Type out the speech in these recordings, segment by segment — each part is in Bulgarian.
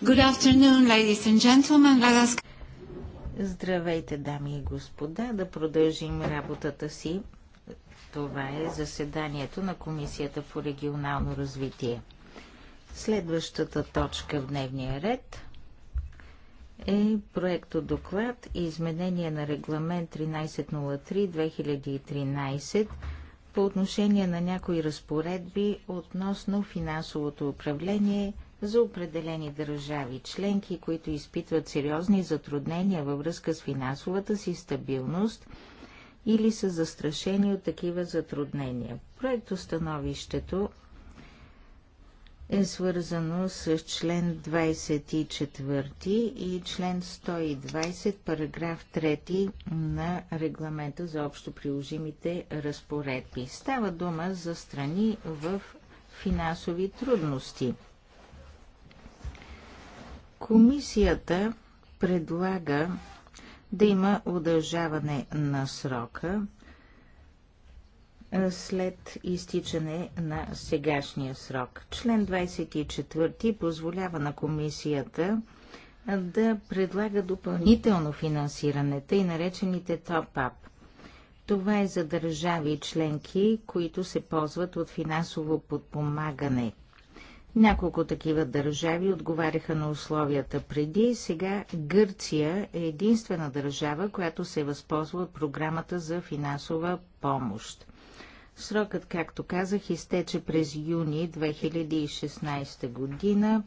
Good afternoon, ladies and gentlemen. Let us... Здравейте, дами и господа, да продължим работата си. Това е заседанието на Комисията по регионално развитие. Следващата точка в дневния ред е проекто доклад и изменение на регламент 1303-2013 по отношение на някои разпоредби относно финансовото управление – за определени държави членки, които изпитват сериозни затруднения във връзка с финансовата си стабилност или са застрашени от такива затруднения. Проектостановището е свързано с член 24 и член 120, параграф 3 на регламента за общо приложимите разпоредби. Става дума за страни в финансови трудности – Комисията предлага да има удължаване на срока след изтичане на сегашния срок. Член 24 позволява на комисията да предлага допълнително финансиране, и наречените топ-ап. Това е за държави и членки, които се ползват от финансово подпомагане – няколко такива държави отговаряха на условията преди. и Сега Гърция е единствена държава, която се възползва от програмата за финансова помощ. Срокът, както казах, изтече през юни 2016 година.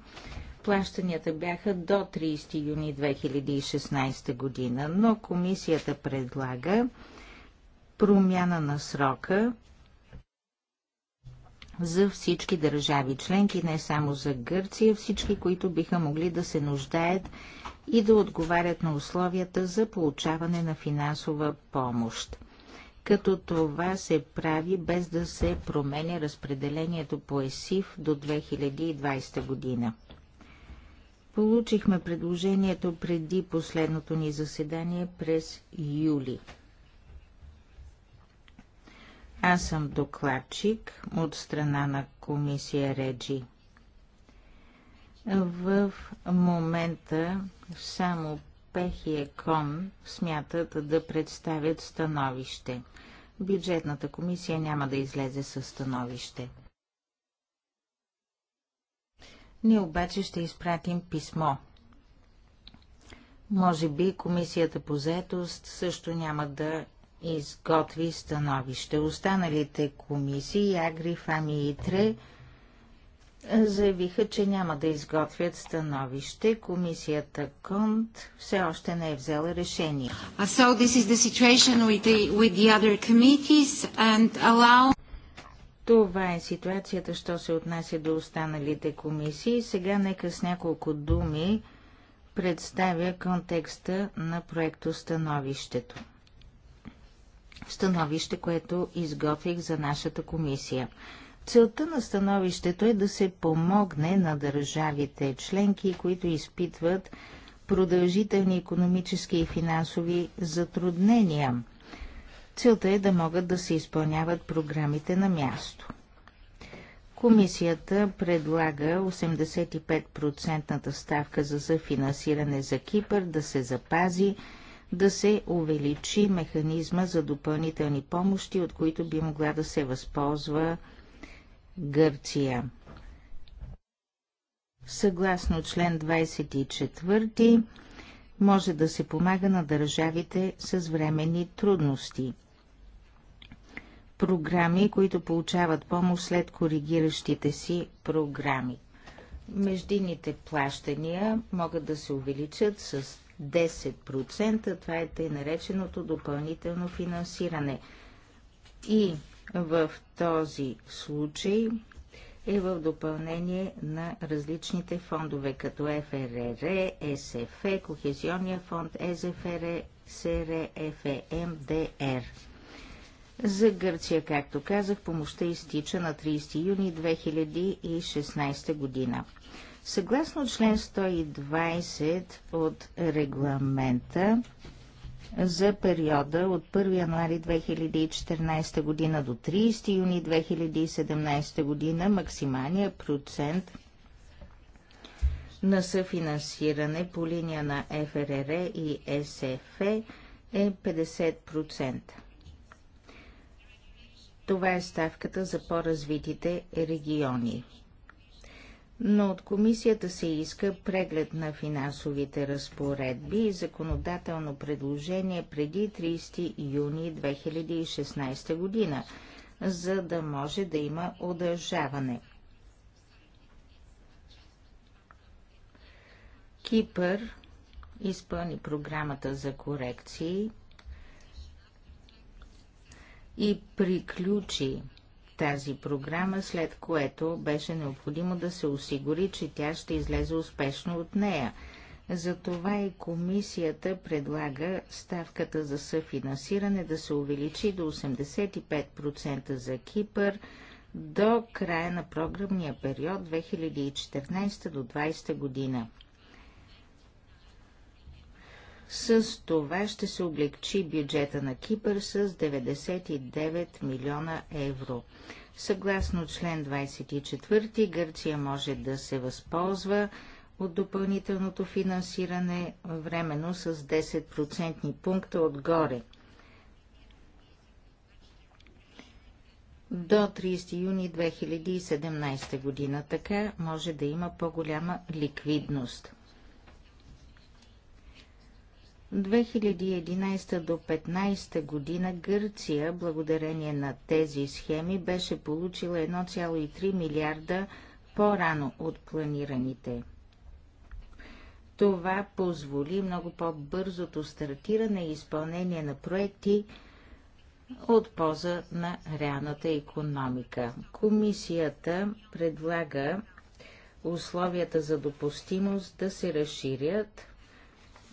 Плащанията бяха до 30 юни 2016 година, но комисията предлага промяна на срока за всички държави членки, не само за Гърция, всички, които биха могли да се нуждаят и да отговарят на условията за получаване на финансова помощ. Като това се прави без да се променя разпределението по ЕСИФ до 2020 година. Получихме предложението преди последното ни заседание през юли. Аз съм докладчик от страна на комисия Реджи. В момента само Пех и смятат да представят становище. Бюджетната комисия няма да излезе със становище. Ние обаче ще изпратим писмо. Може би комисията по заетост също няма да изготви становище. Останалите комисии, Агри, Фами и Тре, заявиха, че няма да изготвят становище. Комисията Конт все още не е взела решение. Uh, so this is the situation with the, with the other committees and allow... Това е ситуацията, що се отнася до останалите комисии. Сега нека с няколко думи представя контекста на проекто становището становище, което изготвих за нашата комисия. Целта на становището е да се помогне на държавите членки, които изпитват продължителни економически и финансови затруднения. Целта е да могат да се изпълняват програмите на място. Комисията предлага 85 ставка за съфинансиране за Кипър да се запази, да се увеличи механизма за допълнителни помощи, от които би могла да се възползва Гърция. Съгласно член 24 може да се помага на държавите с временни трудности. Програми, които получават помощ след коригиращите си програми. Междинните плащания могат да се увеличат с 10%. Това е тъй нареченото допълнително финансиране. И в този случай е в допълнение на различните фондове, като ФРР, СФЕ, Кохезионния фонд, СФР, е СР, е ФМ, е ДР. За Гърция, както казах, помощта изтича на 30 юни 2016 година. Съгласно член 120 от регламента за периода от 1 януари 2014 година до 30 юни 2017 година максималният процент на съфинансиране по линия на ФРР и СФ е 50%. Това е ставката за по-развитите региони но от комисията се иска преглед на финансовите разпоредби и законодателно предложение преди 30 юни 2016 година, за да може да има удължаване. Кипър изпълни програмата за корекции и приключи тази програма, след което беше необходимо да се осигури, че тя ще излезе успешно от нея. Затова и комисията предлага ставката за съфинансиране да се увеличи до 85% за Кипър до края на програмния период 2014 до 2020 година. С това ще се облегчи бюджета на Кипър с 99 милиона евро. Съгласно член 24, Гърция може да се възползва от допълнителното финансиране временно с 10% пункта отгоре. До 30 юни 2017 година така може да има по-голяма ликвидност. 2011 до 2015 година Гърция, благодарение на тези схеми, беше получила 1,3 милиарда по-рано от планираните. Това позволи много по-бързото стартиране и изпълнение на проекти от полза на реалната економика. Комисията предлага условията за допустимост да се разширят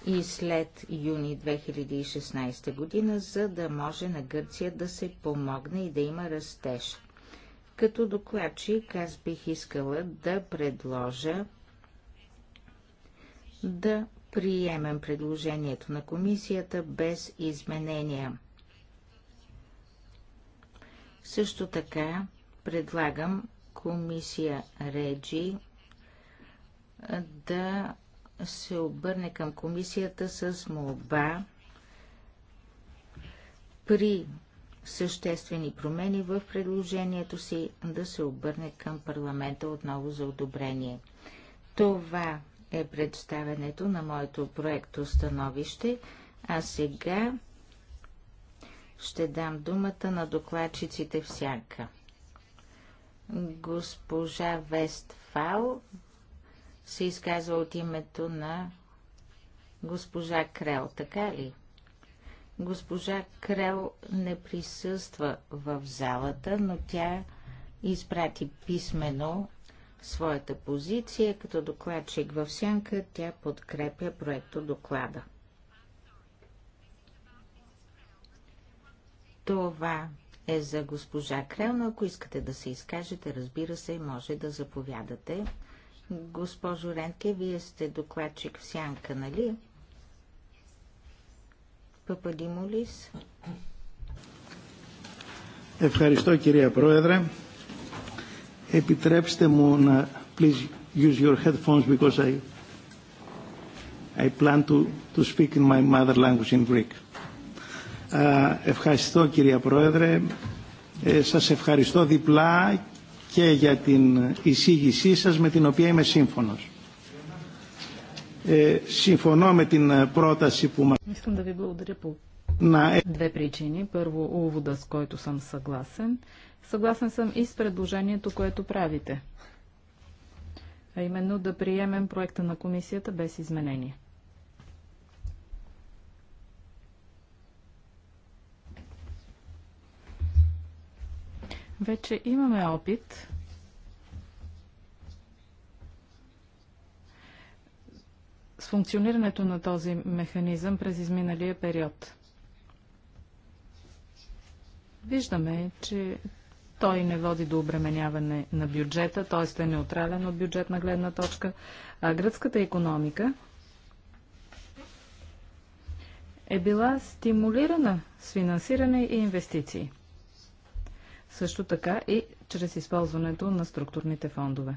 и след юни 2016 година, за да може на Гърция да се помогне и да има растеж. Като докладчик аз бих искала да предложа да приемем предложението на комисията без изменения. Също така предлагам комисия Реджи да се обърне към комисията с молба при съществени промени в предложението си да се обърне към парламента отново за одобрение. Това е представенето на моето проекто становище, а сега ще дам думата на докладчиците всяка. Госпожа Вестфал се изказва от името на госпожа Крел, така ли? Госпожа Крел не присъства в залата, но тя изпрати писмено своята позиция. Като докладчик в сянка тя подкрепя проекто доклада. Това е за госпожа Крел, но ако искате да се изкажете, разбира се, може да заповядате. Госпожо Ренке, вие сте докладчик в Сянка, нали? молис. Ευχαριστώ κυρία Πρόεδρε. Επιτρέψτε μου να... Please use your headphones because I, I plan to, to speak in my mother language in Greek. Uh, ευχαριστώ κυρία Πρόεδρε. Ε, σας ευχαριστώ διπλά και για την εισήγησή σας με την οποία είμαι σύμφωνος. Ε, συμφωνώ με την πρόταση που μας... Искам да ви благодаря по две причини. Първо, увода, с който съм съгласен. Съгласен съм и с предложението, което правите. А именно да приемем проекта на комисията без изменения. Вече имаме опит с функционирането на този механизъм през изминалия период. Виждаме, че той не води до обременяване на бюджета, т.е. е неутрален от бюджетна гледна точка. А гръцката економика е била стимулирана с финансиране и инвестиции също така и чрез използването на структурните фондове.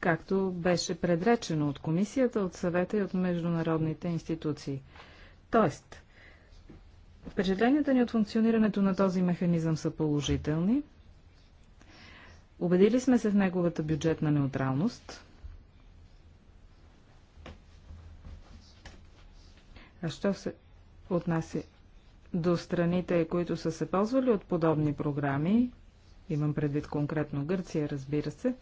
Както беше предречено от комисията, от съвета и от международните институции. Тоест, впечатленията ни от функционирането на този механизъм са положителни. Убедили сме се в неговата бюджетна неутралност. А що се отнася до страните, които са се ползвали от подобни програми, имам предвид конкретно Гърция, разбира се,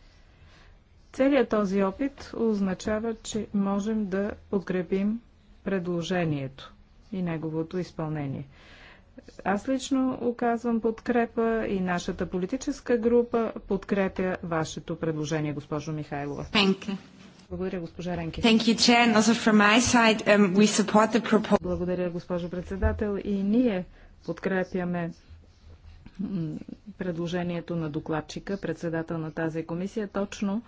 целият този опит означава, че можем да подкрепим предложението и неговото изпълнение. Аз лично оказвам подкрепа и нашата политическа група подкрепя вашето предложение, госпожо Михайлова. Благодаря, госпожа Ренки. Um, Благодаря, госпожо председател. И ние подкрепяме предложението на докладчика, председател на тази комисия, точно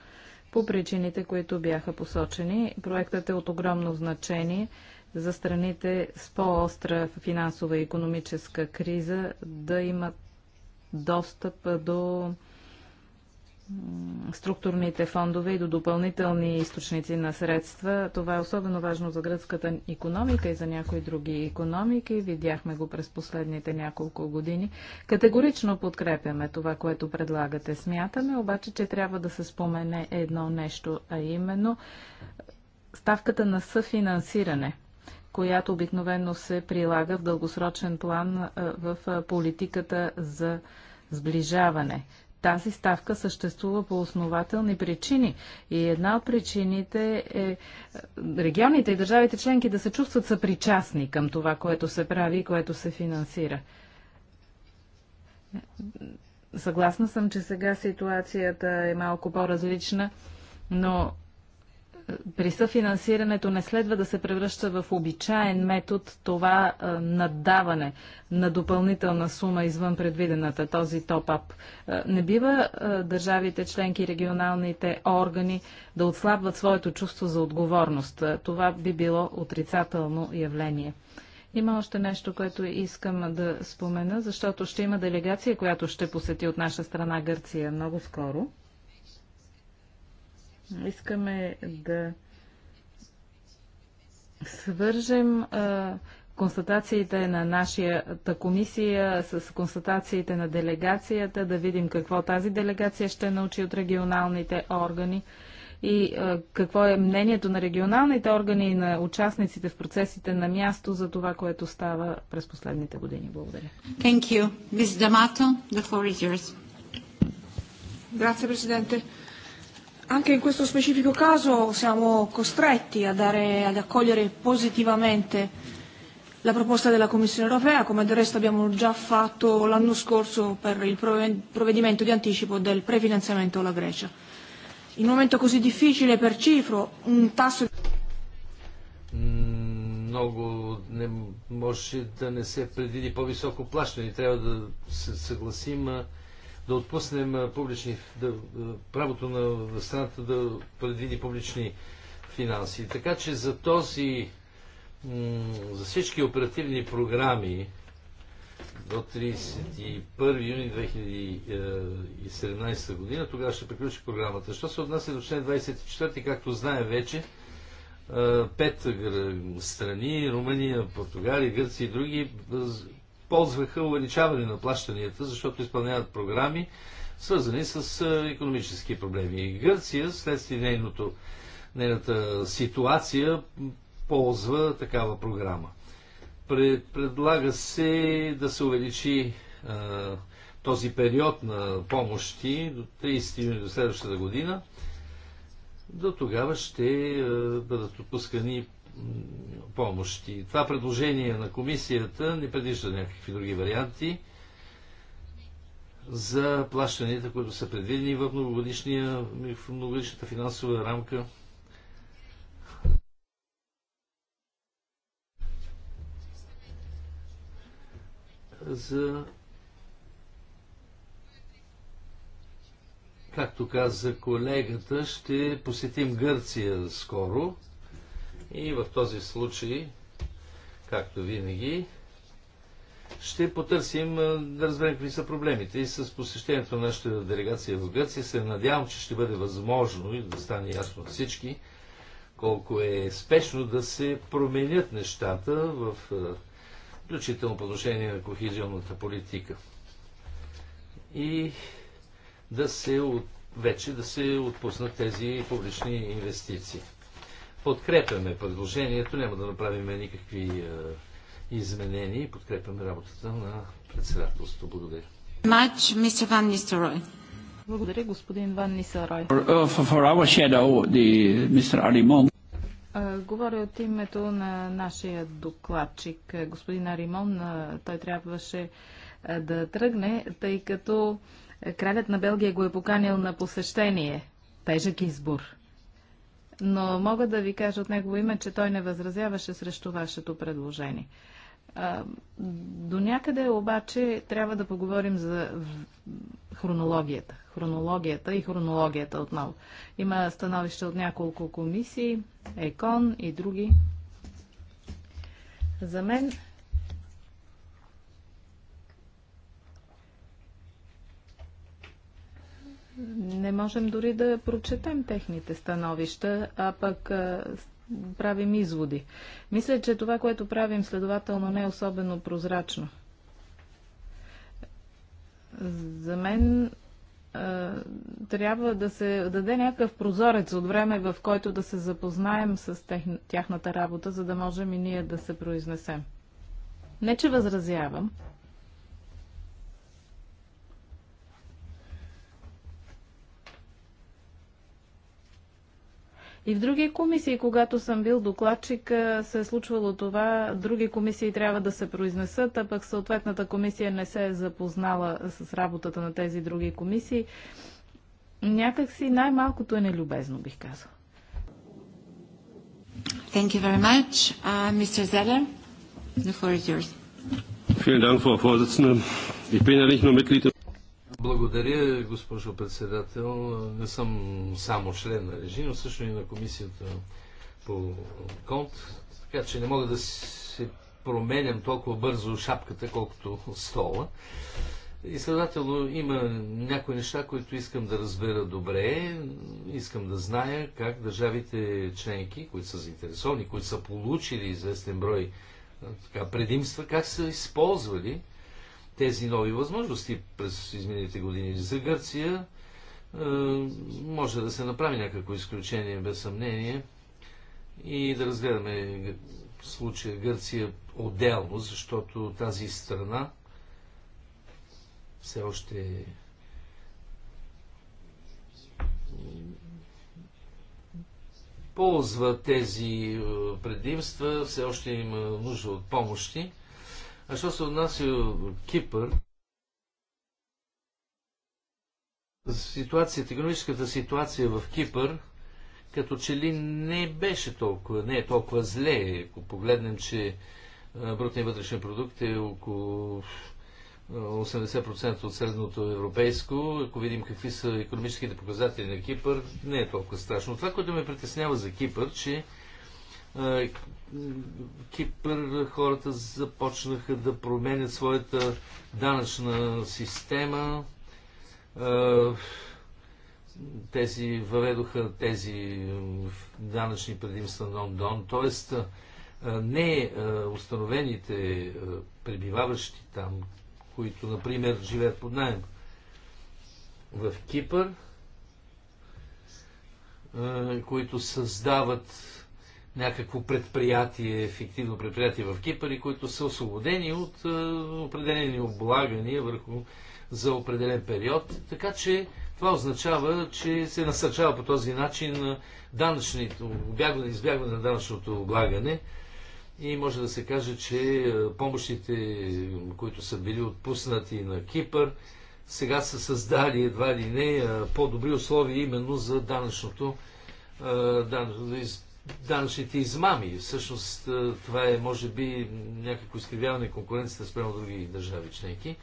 по причините, които бяха посочени. Проектът е от огромно значение за страните с по-остра финансова и економическа криза да имат достъп до структурните фондове и до допълнителни източници на средства. Това е особено важно за гръцката економика и за някои други економики. Видяхме го през последните няколко години. Категорично подкрепяме това, което предлагате. Смятаме обаче, че трябва да се спомене едно нещо, а именно ставката на съфинансиране която обикновено се прилага в дългосрочен план в политиката за сближаване тази ставка съществува по основателни причини. И една от причините е, е регионите и държавите членки да се чувстват съпричастни към това, което се прави и което се финансира. Съгласна съм, че сега ситуацията е малко по-различна, но при съфинансирането не следва да се превръща в обичаен метод това наддаване на допълнителна сума извън предвидената, този топ-ап. Не бива държавите, членки, регионалните органи да отслабват своето чувство за отговорност. Това би било отрицателно явление. Има още нещо, което искам да спомена, защото ще има делегация, която ще посети от наша страна Гърция много скоро. Искаме да свържем а, констатациите на нашата комисия с констатациите на делегацията, да видим какво тази делегация ще научи от регионалните органи и а, какво е мнението на регионалните органи и на участниците в процесите на място за това, което става през последните години. Благодаря. Thank you. Ms. D'Amato, the floor is yours. Grazie, Presidente. Anche in questo specifico caso siamo costretti a dare, ad accogliere positivamente la proposta della Commissione europea, come del resto abbiamo già fatto l'anno scorso per il provvedimento di anticipo del prefinanziamento alla Grecia. In un momento così difficile per cifro, un tasso... di... Много не може да не се предвиди по-високо плащане. Трябва да се съгласим да отпуснем публични, да, правото на страната да предвиди публични финанси. Така че за този, за всички оперативни програми до 31 юни 2017 е, година, тогава ще приключи програмата. Що се отнася до член 24, както знаем вече, пет страни, Румъния, Португалия, Гърция и други, ползваха увеличаване на плащанията, защото изпълняват програми, свързани с е, економически проблеми. И Гърция, следствие нейното, нейната ситуация, ползва такава програма. предлага се да се увеличи а, е, този период на помощи до 30 юни до следващата година. До тогава ще е, бъдат отпускани помощи. Това предложение на комисията не предвижда някакви други варианти за плащанията, които са предвидени в, в многогодишната финансова рамка. За както каза колегата, ще посетим Гърция скоро и в този случай, както винаги, ще потърсим да разберем какви са проблемите. И с посещението на нашата делегация в Гърция се надявам, че ще бъде възможно и да стане ясно на всички, колко е спешно да се променят нещата в включително по отношение на кохизионната политика. И да се от, вече да се отпуснат тези публични инвестиции подкрепяме предложението, няма да направим никакви е, изменения и подкрепяме работата на председателството. Благодаря. Much, Mr. Van Nistelrooy. Благодаря, господин Ван Нисарой. Uh, говоря от името на нашия докладчик, е, господин Аримон. Той трябваше е, да тръгне, тъй като кралят на Белгия го е поканил на посещение. Тежък избор но мога да ви кажа от негово име, че той не възразяваше срещу вашето предложение. До някъде обаче трябва да поговорим за хронологията. Хронологията и хронологията отново. Има становище от няколко комисии, ЕКОН и други. За мен не можем дори да прочетем техните становища, а пък правим изводи. Мисля, че това, което правим, следователно не е особено прозрачно. За мен трябва да се даде някакъв прозорец от време, в който да се запознаем с тех, тяхната работа, за да можем и ние да се произнесем. Не, че възразявам, И в други комисии, когато съм бил докладчик, се е случвало това. Други комисии трябва да се произнесат, а пък съответната комисия не се е запознала с работата на тези други комисии. Някак си най-малкото е нелюбезно, бих казал. Thank you very much. Uh, Mr. Zeller, the floor is yours. Vielen Dank, Frau Vorsitzende. Ich bin ja nicht nur Mitglied благодаря, госпожо председател. Не съм само член на режим, но също и на комисията по конт, така че не мога да се променям толкова бързо шапката, колкото стола. И следователно има някои неща, които искам да разбера добре. Искам да зная как държавите членки, които са заинтересовани, които са получили известен брой така, предимства, как са използвали тези нови възможности през изминалите години. За Гърция е, може да се направи някакво изключение, без съмнение, и да разгледаме случая Гърция отделно, защото тази страна все още е ползва тези е, предимства, все още има нужда от помощи. А що се отнася Кипър, ситуацията, економическата ситуация в Кипър, като че ли не беше толкова, не е толкова зле, ако погледнем, че брутният вътрешен продукт е около 80% от средното европейско. Ако видим какви са економическите показатели на Кипър, не е толкова страшно. Това, което ме притеснява за Кипър, че Кипър хората започнаха да променят своята данъчна система. Тези въведоха тези данъчни предимства на Дон. Тоест, не установените пребиваващи там, които, например, живеят под найем в Кипър, които създават някакво предприятие, ефективно предприятие в Кипър и които са освободени от определени облагания върху за определен период. Така че това означава, че се насърчава по този начин данъчното обягване, избягване на данъчното облагане и може да се каже, че помощите, които са били отпуснати на Кипър, сега са създали едва ли не по-добри условия именно за данъчното данъчните измами. Всъщност е, това е, може би, някакво изкривяване конкуренцията спрямо други държави членки.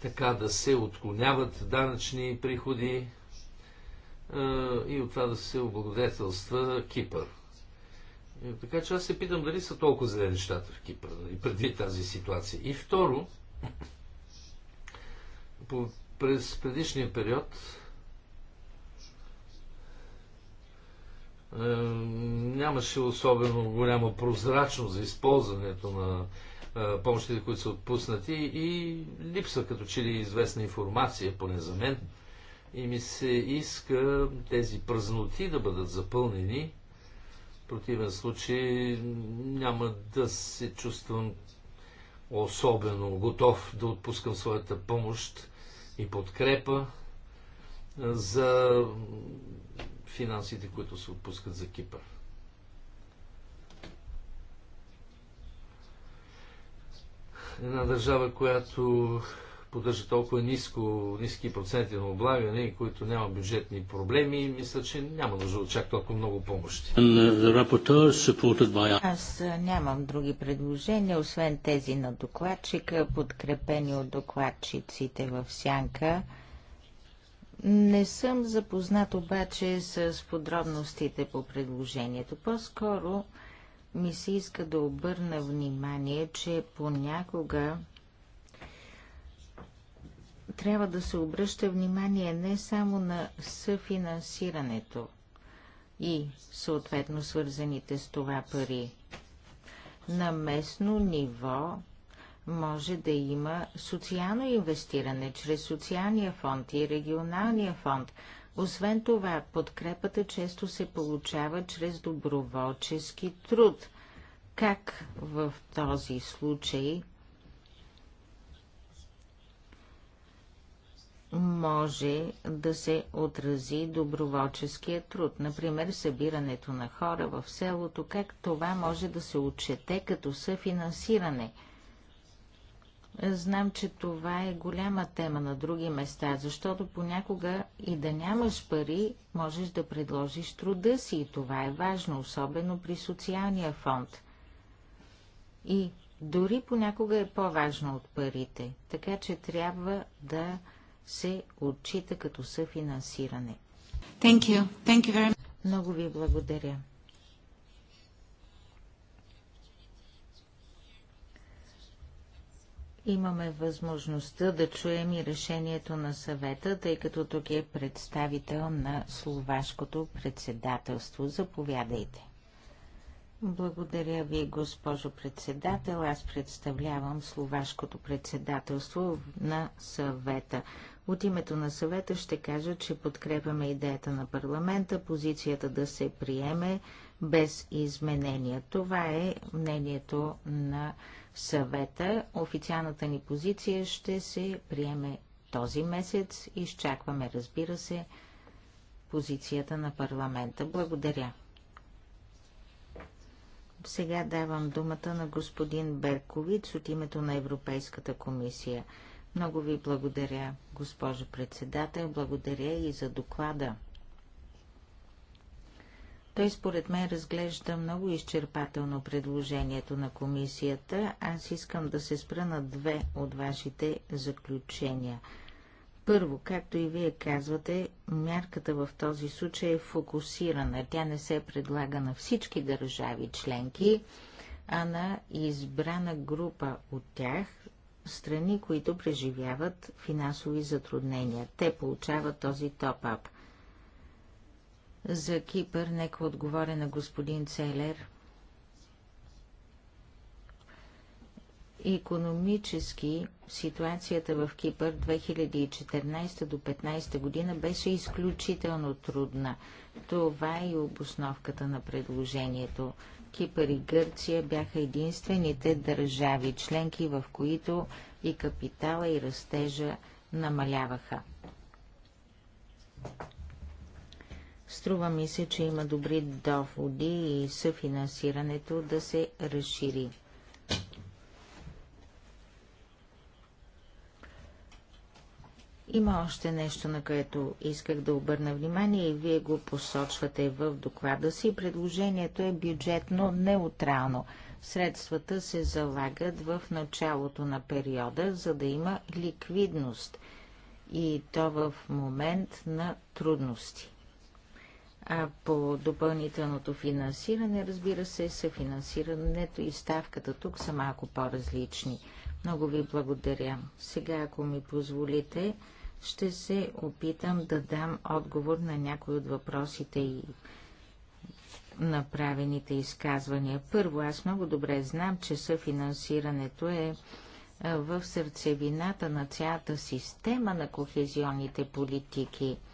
Така да се отклоняват данъчни приходи е, и от това да се облагодетелства Кипър. Е, така че аз се питам дали са толкова зле нещата в Кипър и нали, преди тази ситуация. И второ, по, през предишния период Е, нямаше особено голяма прозрачност за използването на е, помощите, които са отпуснати и липсва като че ли известна информация, поне за мен. И ми се иска тези празноти да бъдат запълнени. В противен случай няма да се чувствам особено готов да отпускам своята помощ и подкрепа е, за финансите, които се отпускат за Кипър. Една държава, която поддържа толкова ниско, ниски проценти на облагане и които няма бюджетни проблеми, мисля, че няма нужда да чак толкова много помощи. Аз нямам други предложения, освен тези на докладчика, подкрепени от докладчиците в Сянка. Не съм запознат обаче с подробностите по предложението. По-скоро ми се иска да обърна внимание, че понякога трябва да се обръща внимание не само на съфинансирането и съответно свързаните с това пари. На местно ниво може да има социално инвестиране чрез социалния фонд и регионалния фонд. Освен това, подкрепата често се получава чрез доброволчески труд. Как в този случай може да се отрази доброволческия труд. Например, събирането на хора в селото, как това може да се отчете като съфинансиране – Знам, че това е голяма тема на други места, защото понякога и да нямаш пари, можеш да предложиш труда си и това е важно, особено при социалния фонд. И дори понякога е по-важно от парите, така че трябва да се отчита като съфинансиране. Thank you. Thank you very much. Много ви благодаря. имаме възможността да чуем и решението на съвета, тъй като тук е представител на словашкото председателство. Заповядайте. Благодаря ви, госпожо председател. Аз представлявам словашкото председателство на съвета. От името на съвета ще кажа, че подкрепяме идеята на парламента, позицията да се приеме без изменения. Това е мнението на съвета съвета. Официалната ни позиция ще се приеме този месец. Изчакваме, разбира се, позицията на парламента. Благодаря. Сега давам думата на господин Берковиц от името на Европейската комисия. Много ви благодаря, госпожо председател. Благодаря и за доклада. Той според мен разглежда много изчерпателно предложението на комисията. Аз искам да се спра на две от вашите заключения. Първо, както и вие казвате, мярката в този случай е фокусирана. Тя не се предлага на всички държави членки, а на избрана група от тях, страни, които преживяват финансови затруднения. Те получават този топ-ап. За Кипър, нека отговоря на господин Целер. Економически ситуацията в Кипър 2014 до 2015 година беше изключително трудна. Това е и обосновката на предложението. Кипър и Гърция бяха единствените държави членки, в които и капитала и растежа намаляваха. Струва ми се, че има добри доходи и съфинансирането да се разшири. Има още нещо, на което исках да обърна внимание и вие го посочвате в доклада си. Предложението е бюджетно неутрално. Средствата се залагат в началото на периода, за да има ликвидност и то в момент на трудности. А по допълнителното финансиране, разбира се, съфинансирането и ставката тук са малко по-различни. Много ви благодаря. Сега, ако ми позволите, ще се опитам да дам отговор на някои от въпросите и направените изказвания. Първо, аз много добре знам, че съфинансирането е в сърцевината на цялата система на кохезионните политики –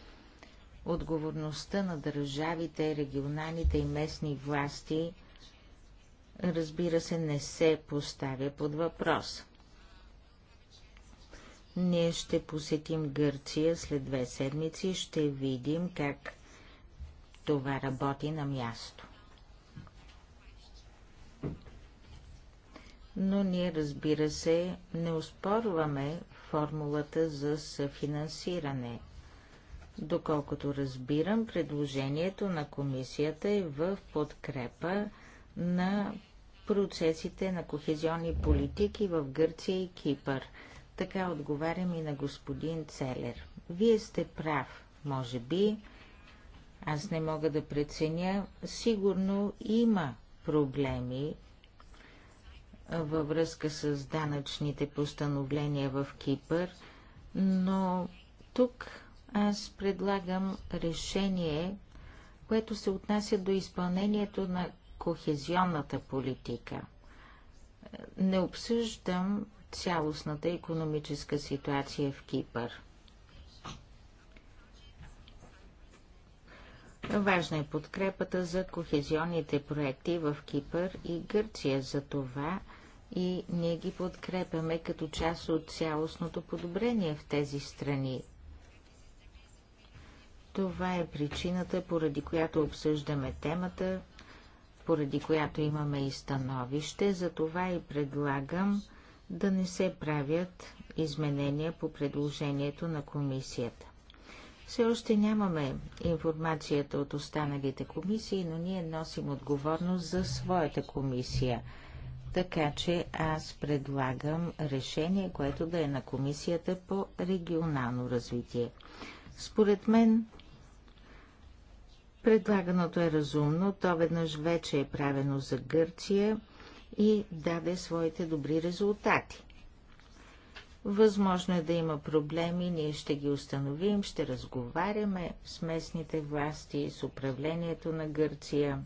отговорността на държавите, регионалните и местни власти, разбира се, не се поставя под въпрос. Ние ще посетим Гърция след две седмици и ще видим как това работи на място. Но ние, разбира се, не успорваме формулата за съфинансиране – Доколкото разбирам, предложението на комисията е в подкрепа на процесите на кохезионни политики в Гърция и Кипър. Така отговарям и на господин Целер. Вие сте прав, може би. Аз не мога да преценя. Сигурно има проблеми във връзка с данъчните постановления в Кипър, но тук аз предлагам решение, което се отнася до изпълнението на кохезионната политика. Не обсъждам цялостната економическа ситуация в Кипър. Важна е подкрепата за кохезионните проекти в Кипър и Гърция. За това и ние ги подкрепяме като част от цялостното подобрение в тези страни. Това е причината, поради която обсъждаме темата, поради която имаме и становище, за това и предлагам да не се правят изменения по предложението на комисията. Все още нямаме информацията от останалите комисии, но ние носим отговорност за своята комисия. Така че аз предлагам решение, което да е на комисията по регионално развитие. Според мен Предлаганото е разумно, то веднъж вече е правено за Гърция и даде своите добри резултати. Възможно е да има проблеми, ние ще ги установим, ще разговаряме с местните власти, с управлението на Гърция.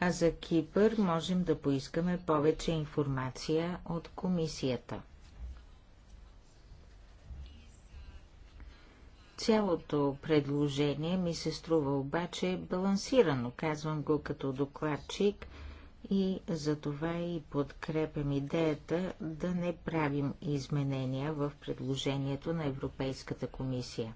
А за Кипър можем да поискаме повече информация от комисията. Цялото предложение ми се струва обаче балансирано, казвам го като докладчик и затова и подкрепям идеята да не правим изменения в предложението на Европейската комисия.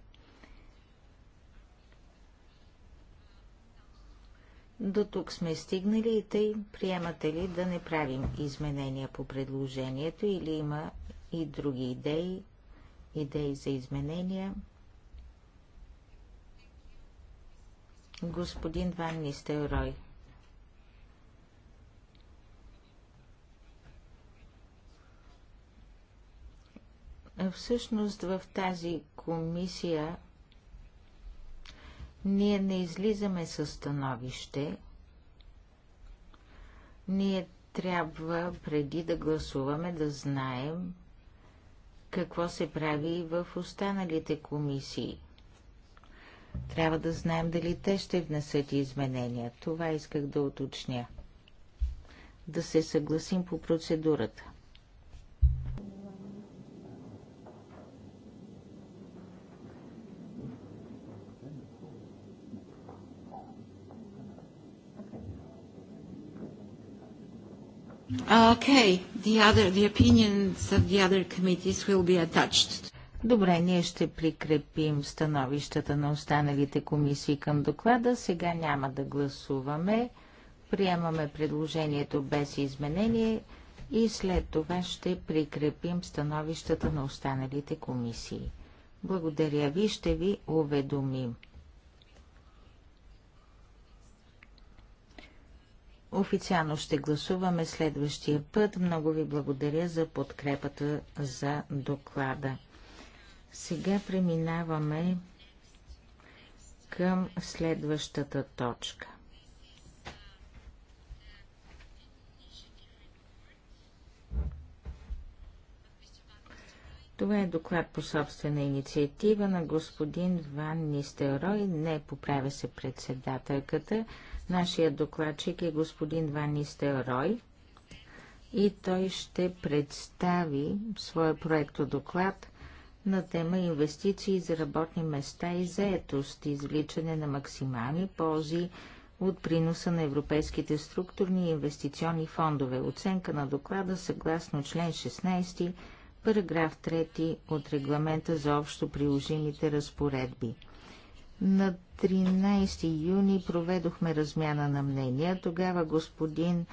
До тук сме стигнали и тъй приемате ли да не правим изменения по предложението или има и други идеи, идеи за изменения? господин Ван Нистелрой. Всъщност в тази комисия ние не излизаме със становище. Ние трябва преди да гласуваме да знаем какво се прави и в останалите комисии. Трябва да знаем дали те ще внесат изменения. Това исках да уточня. Да се съгласим по процедурата. Okay. The other, the opinions of the other committees will be attached. Добре, ние ще прикрепим становищата на останалите комисии към доклада. Сега няма да гласуваме. Приемаме предложението без изменение и след това ще прикрепим становищата на останалите комисии. Благодаря ви, ще ви уведомим. Официално ще гласуваме следващия път. Много ви благодаря за подкрепата за доклада. Сега преминаваме към следващата точка. Това е доклад по собствена инициатива на господин Ван Нистерой. Не поправя се председателката. Нашия докладчик е господин Ван Нистерой и той ще представи своя проекто доклад на тема инвестиции за работни места и заетост, извличане на максимални ползи от приноса на европейските структурни и инвестиционни фондове, оценка на доклада съгласно член 16, параграф 3 от регламента за общо приложимите разпоредби. На 13 юни проведохме размяна на мнения. Тогава господин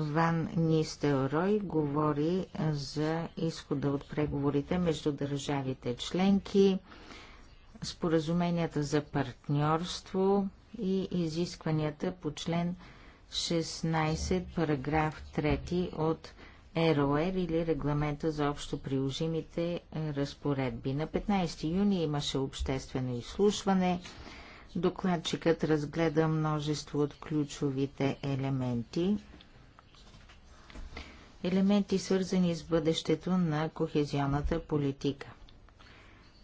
Ван Нистелрой говори за изхода от преговорите между държавите членки, споразуменията за партньорство и изискванията по член 16, параграф 3 от РОР или регламента за общо приложимите разпоредби. На 15 юни имаше обществено изслушване. Докладчикът разгледа множество от ключовите елементи елементи, свързани с бъдещето на кохезионната политика.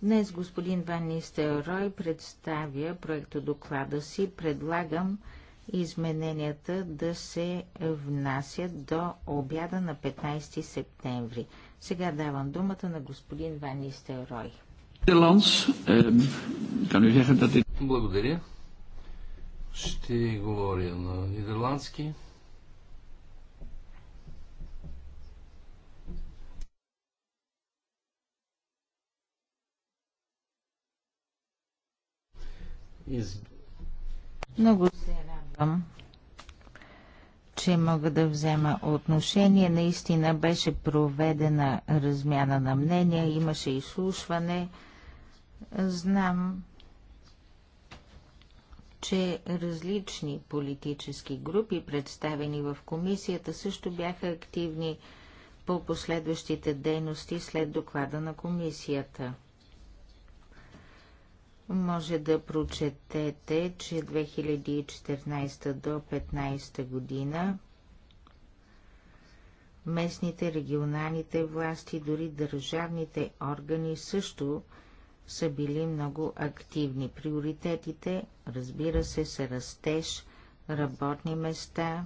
Днес господин Ван Рой представя доклада си. Предлагам измененията да се внасят до обяда на 15 септември. Сега давам думата на господин Ван Нистелрой. Благодаря. Ще говоря на нидерландски. из... Много се радвам, че мога да взема отношение. Наистина беше проведена размяна на мнения, имаше изслушване. Знам, че различни политически групи, представени в комисията, също бяха активни по последващите дейности след доклада на комисията може да прочетете, че 2014 до 2015 година местните, регионалните власти, дори държавните органи също са били много активни. Приоритетите, разбира се, са растеж, работни места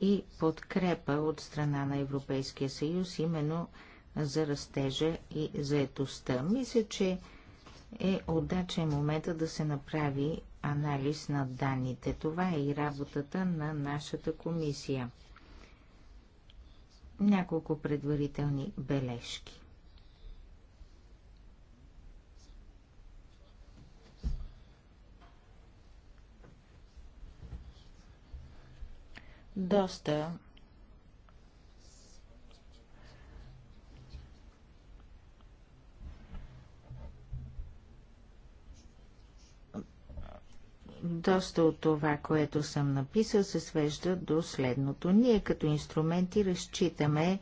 и подкрепа от страна на Европейския съюз, именно за растежа и заетостта. Мисля, че е отдачен момента да се направи анализ на данните. Това е и работата на нашата комисия. Няколко предварителни бележки. Доста Доста от това, което съм написал, се свежда до следното. Ние като инструменти разчитаме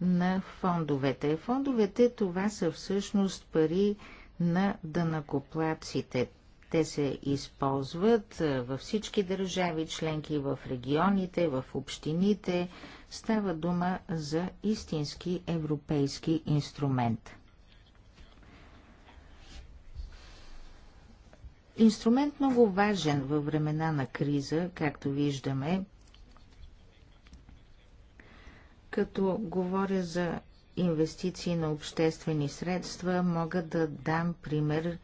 на фондовете. Фондовете това са всъщност пари на дънакоплаците. Те се използват във всички държави, членки в регионите, в общините. Става дума за истински европейски инструмент. Инструмент много важен във времена на криза, както виждаме, като говоря за инвестиции на обществени средства, мога да дам пример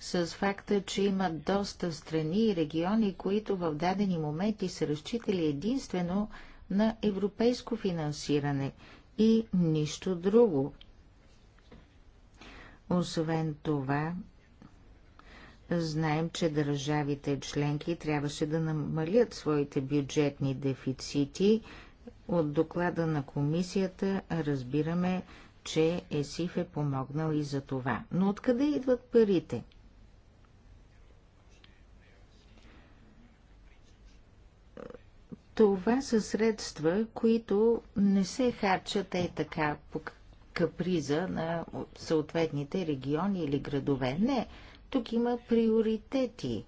с факта, че има доста страни и региони, които в дадени моменти са разчитали единствено на европейско финансиране и нищо друго. Освен това, Знаем, че държавите членки трябваше да намалят своите бюджетни дефицити. От доклада на комисията разбираме, че ЕСИФ е помогнал и за това. Но откъде идват парите? Това са средства, които не се харчат е така по каприза на съответните региони или градове. Не, тук има приоритети.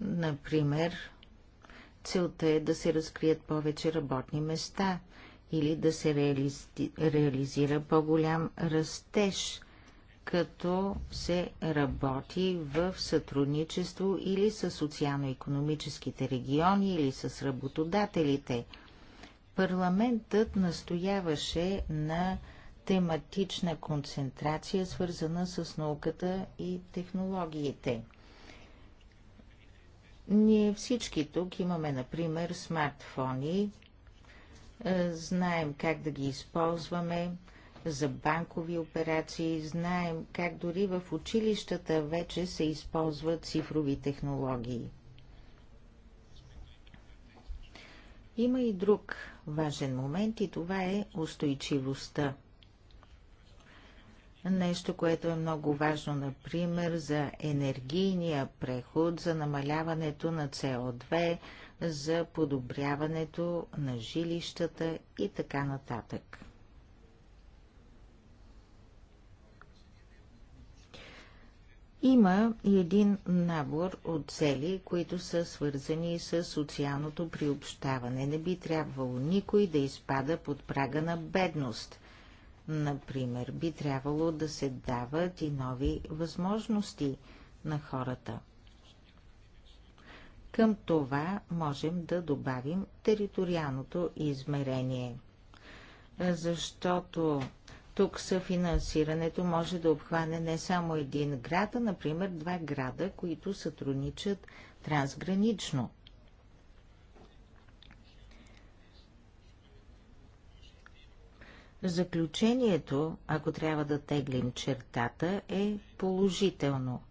Например, целта е да се разкрият повече работни места или да се реализира по-голям растеж, като се работи в сътрудничество или с социално-економическите региони или с работодателите. Парламентът настояваше на тематична концентрация, свързана с науката и технологиите. Ние всички тук имаме, например, смартфони, е, знаем как да ги използваме за банкови операции, знаем как дори в училищата вече се използват цифрови технологии. Има и друг важен момент и това е устойчивостта нещо, което е много важно, например, за енергийния преход, за намаляването на СО2, за подобряването на жилищата и така нататък. Има и един набор от цели, които са свързани с социалното приобщаване. Не би трябвало никой да изпада под прага на бедност – Например, би трябвало да се дават и нови възможности на хората. Към това можем да добавим териториалното измерение, защото тук съфинансирането може да обхване не само един град, а например два града, които сътрудничат трансгранично. Заключението, ако трябва да теглим чертата, е положително,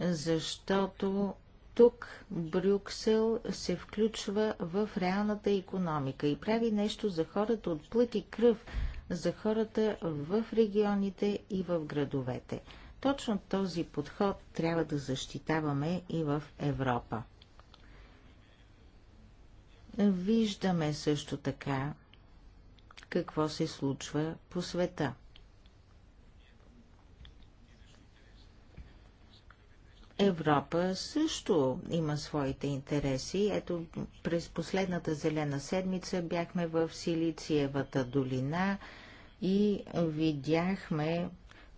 защото тук Брюксел се включва в реалната економика и прави нещо за хората от плът и кръв, за хората в регионите и в градовете. Точно този подход трябва да защитаваме и в Европа. Виждаме също така, какво се случва по света. Европа също има своите интереси. Ето, през последната зелена седмица бяхме в Силициевата долина и видяхме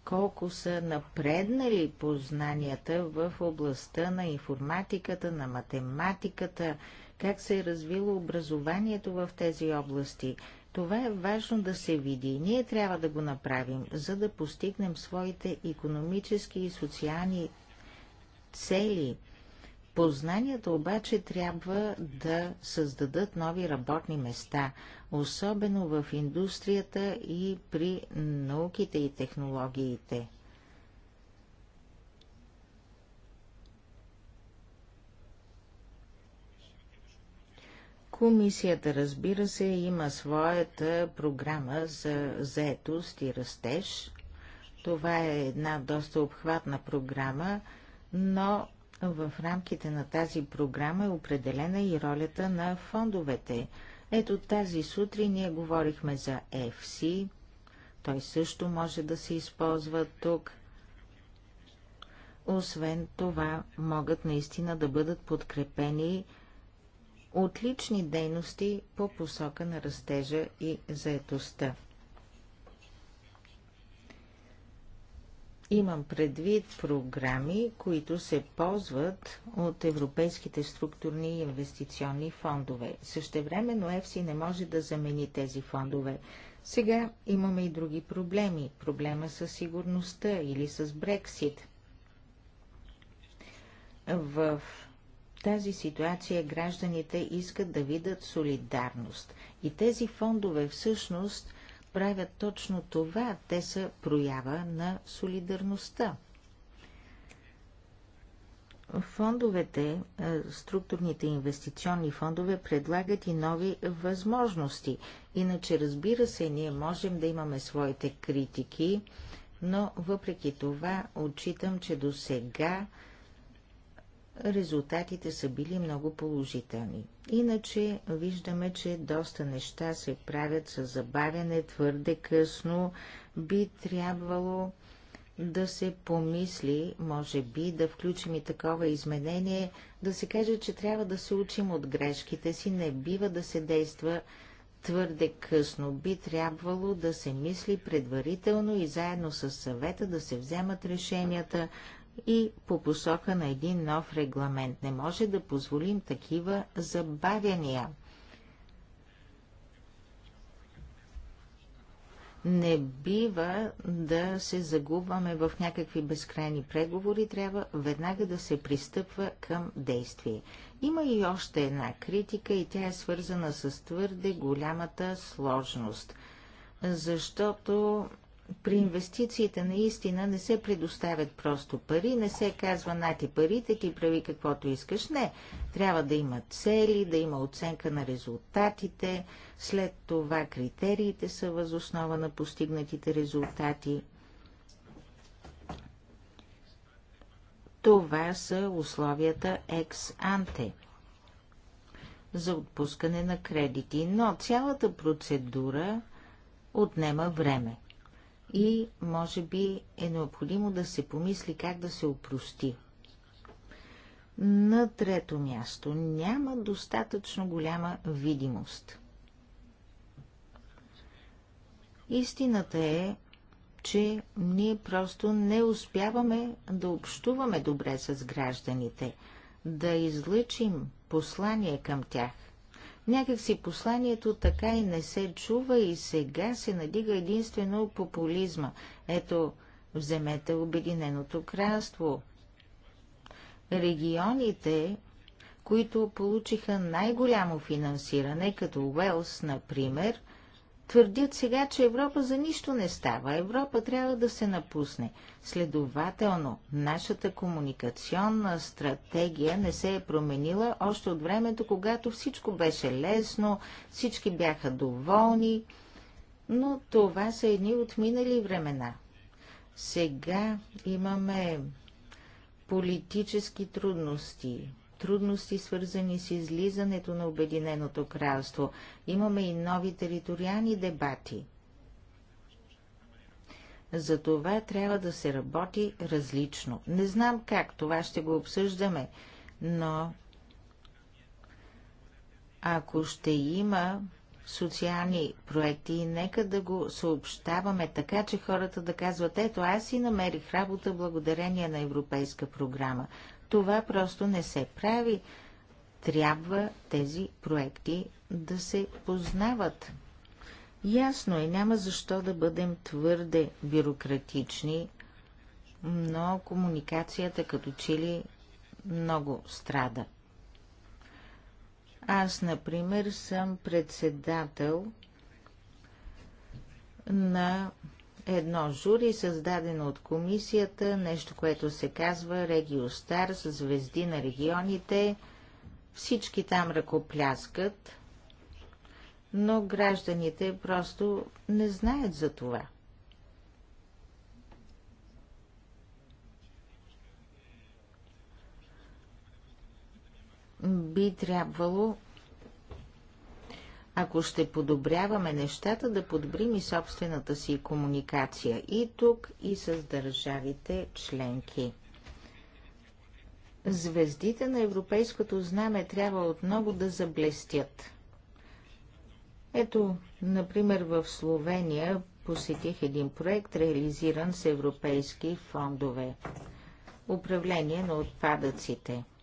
колко са напреднали познанията в областта на информатиката, на математиката, как се е развило образованието в тези области. Това е важно да се види и ние трябва да го направим, за да постигнем своите економически и социални цели. Познанията обаче трябва да създадат нови работни места, особено в индустрията и при науките и технологиите. Комисията, разбира се, има своята програма за заетост и растеж. Това е една доста обхватна програма, но в рамките на тази програма е определена и ролята на фондовете. Ето тази сутрин ние говорихме за FC. Той също може да се използва тук. Освен това, могат наистина да бъдат подкрепени отлични дейности по посока на растежа и заетостта. Имам предвид програми, които се ползват от европейските структурни и инвестиционни фондове. Същевременно ЕФСИ не може да замени тези фондове. Сега имаме и други проблеми. Проблема с сигурността или с Брексит. В тази ситуация гражданите искат да видят солидарност. И тези фондове всъщност правят точно това. Те са проява на солидарността. Фондовете, структурните инвестиционни фондове предлагат и нови възможности. Иначе, разбира се, ние можем да имаме своите критики, но въпреки това отчитам, че до сега резултатите са били много положителни. Иначе виждаме, че доста неща се правят с забавяне твърде късно. Би трябвало да се помисли, може би, да включим и такова изменение, да се каже, че трябва да се учим от грешките си, не бива да се действа твърде късно. Би трябвало да се мисли предварително и заедно с съвета да се вземат решенията, и по посока на един нов регламент. Не може да позволим такива забавяния. Не бива да се загубваме в някакви безкрайни преговори, трябва веднага да се пристъпва към действие. Има и още една критика и тя е свързана с твърде голямата сложност, защото при инвестициите наистина не се предоставят просто пари, не се казва нати парите, ти прави каквото искаш. Не, трябва да има цели, да има оценка на резултатите, след това критериите са възоснова на постигнатите резултати. Това са условията ex-ante за отпускане на кредити, но цялата процедура отнема време и може би е необходимо да се помисли как да се опрости. На трето място няма достатъчно голяма видимост. Истината е, че ние просто не успяваме да общуваме добре с гражданите, да излъчим послание към тях – Някак си посланието така и не се чува и сега се надига единствено популизма. Ето, вземете Обединеното кралство. Регионите, които получиха най-голямо финансиране, като Уелс, например – твърдят сега, че Европа за нищо не става. Европа трябва да се напусне. Следователно, нашата комуникационна стратегия не се е променила още от времето, когато всичко беше лесно, всички бяха доволни, но това са едни отминали времена. Сега имаме политически трудности, трудности, свързани с излизането на Обединеното кралство. Имаме и нови териториални дебати. За това трябва да се работи различно. Не знам как, това ще го обсъждаме, но ако ще има социални проекти, нека да го съобщаваме така, че хората да казват, ето аз си намерих работа благодарение на европейска програма. Това просто не се прави. Трябва тези проекти да се познават. Ясно е, няма защо да бъдем твърде бюрократични, но комуникацията като чили много страда. Аз, например, съм председател на едно жури, създадено от комисията, нещо, което се казва Регио Региостар, звезди на регионите. Всички там ръкопляскат, но гражданите просто не знаят за това. Би трябвало ако ще подобряваме нещата, да подобрим и собствената си комуникация и тук, и с държавите членки. Звездите на европейското знаме трябва отново да заблестят. Ето, например, в Словения посетих един проект, реализиран с европейски фондове. Управление на отпадъците –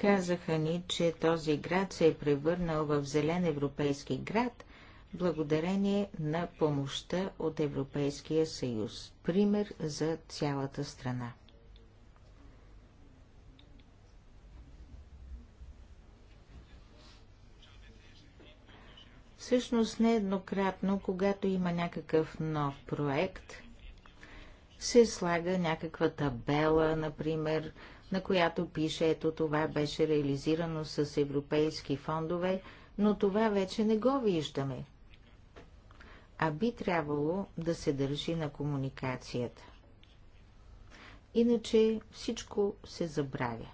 Казаха ни, че този град се е превърнал в зелен европейски град, благодарение на помощта от Европейския съюз. Пример за цялата страна. Всъщност нееднократно, когато има някакъв нов проект, се слага някаква табела, например, на която пише ето това беше реализирано с европейски фондове, но това вече не го виждаме. А би трябвало да се държи на комуникацията. Иначе всичко се забравя.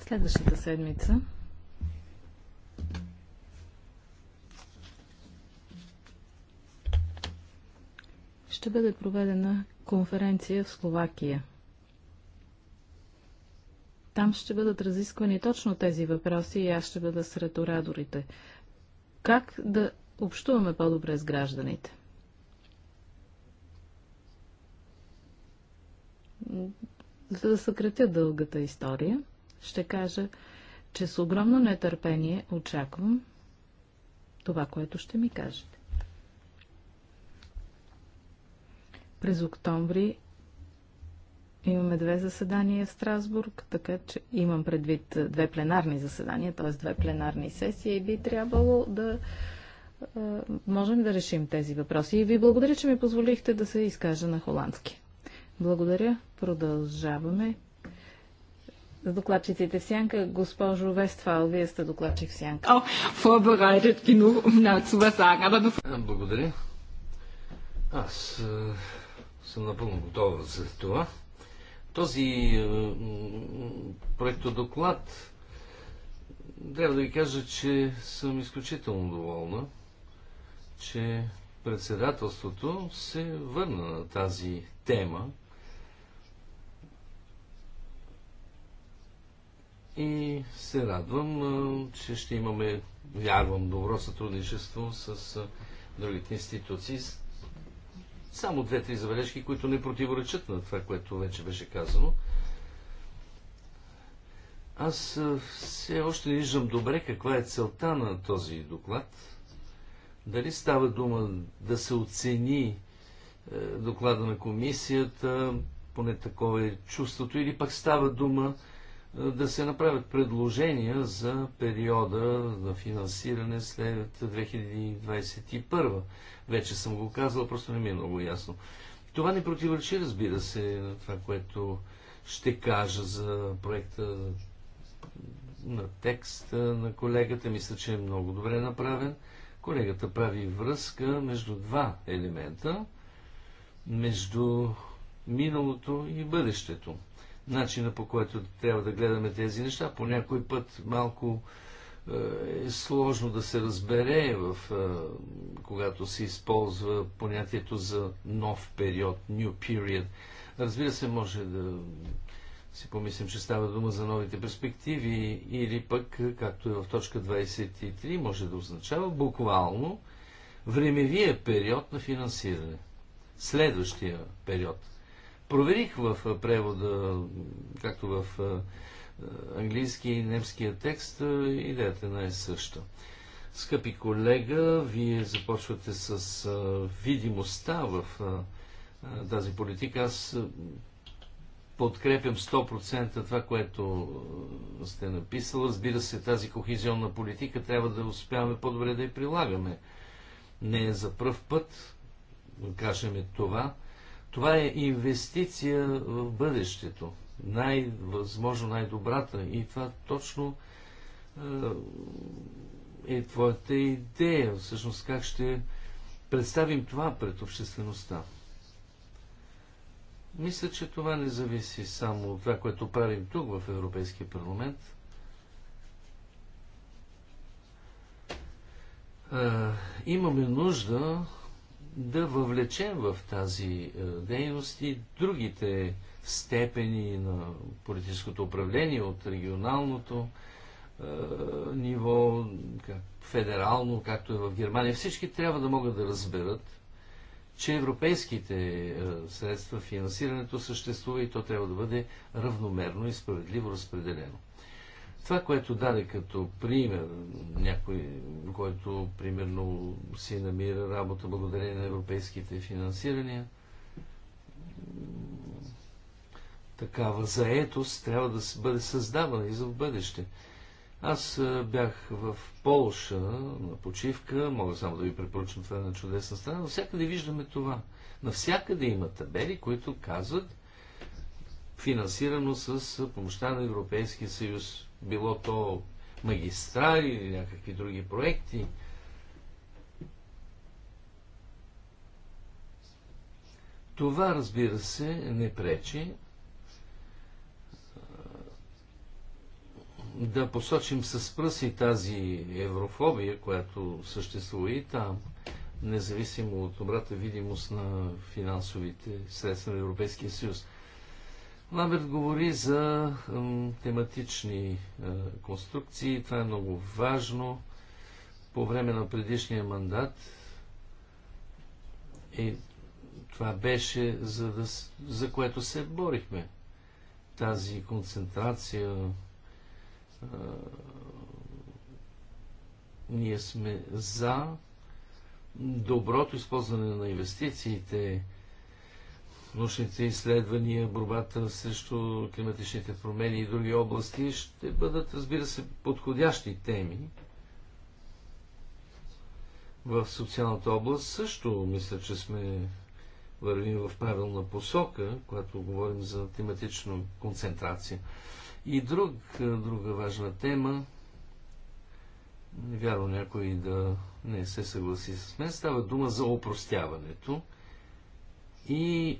Следващата седмица ще бъде проведена конференция в Словакия. Там ще бъдат разисквани точно тези въпроси и аз ще бъда сред орадорите. Как да общуваме по-добре с гражданите? За да съкратя дългата история, ще кажа, че с огромно нетърпение очаквам това, което ще ми кажете. През октомври имаме две заседания в Страсбург, така че имам предвид две пленарни заседания, т.е. две пленарни сесии и би трябвало да можем да решим тези въпроси. И ви благодаря, че ми позволихте да се изкажа на холандски. Благодаря. Продължаваме. С докладчиците в сянка. Госпожо Вестфал, вие сте докладчик в сянка. Благодаря. Аз съм напълно готова за това. Този е, проектодоклад трябва да ви кажа, че съм изключително доволна, че председателството се върна на тази тема и се радвам, е, че ще имаме, вярвам, добро сътрудничество с е, другите институции. Само две-три забележки, които не противоречат на това, което вече беше казано. Аз все още не виждам добре каква е целта на този доклад. Дали става дума да се оцени е, доклада на комисията, поне такова е чувството, или пък става дума да се направят предложения за периода на финансиране след 2021. Вече съм го казал, просто не ми е много ясно. Това не противоречи, разбира се, на това, което ще кажа за проекта на текста на колегата. Мисля, че е много добре направен. Колегата прави връзка между два елемента, между миналото и бъдещето начина по който трябва да гледаме тези неща. По някой път малко е, е сложно да се разбере, в, е, когато се използва понятието за нов период, new period. Разбира се, може да си помислим, че става дума за новите перспективи или пък, е, както е в точка 23, може да означава буквално времевия период на финансиране. Следващия период проверих в превода, както в английски и немския текст, идеята е е съща. Скъпи колега, вие започвате с видимостта в тази политика. Аз подкрепям 100% това, което сте написал. Разбира се, тази кохезионна политика трябва да успяваме по-добре да я прилагаме. Не е за пръв път, кажем е това. Това е инвестиция в бъдещето. Най-възможно най-добрата. И това точно е, е твоята идея. Всъщност как ще представим това пред обществеността. Мисля, че това не зависи само от това, което правим тук в Европейския парламент. Е, имаме нужда да въвлечем в тази е, дейност и другите степени на политическото управление от регионалното е, ниво, как, федерално, както е в Германия. Всички трябва да могат да разберат, че европейските е, средства, финансирането съществува и то трябва да бъде равномерно и справедливо разпределено. Това, което даде като пример някой, който примерно си намира работа благодарение на европейските финансирания, такава заетост трябва да бъде създавана и за в бъдеще. Аз бях в Полша на почивка, мога само да ви препоръчам това е на чудесна страна, но всякъде виждаме това. Навсякъде има табели, които казват финансирано с помощта на Европейския съюз било то магистрали или някакви други проекти. Това, разбира се, не пречи да посочим с пръси тази еврофобия, която съществува и там, независимо от добрата видимост на финансовите средства на Европейския съюз. Ламберт говори за тематични конструкции. Това е много важно. По време на предишния мандат и това беше за, да, за което се борихме. Тази концентрация. А, ние сме за доброто използване на инвестициите, научните изследвания, борбата срещу климатичните промени и други области ще бъдат, разбира се, подходящи теми. В социалната област също мисля, че сме вървим в правилна посока, когато говорим за тематична концентрация. И друг, друга важна тема, не вярвам някой да не се съгласи с мен, става дума за опростяването и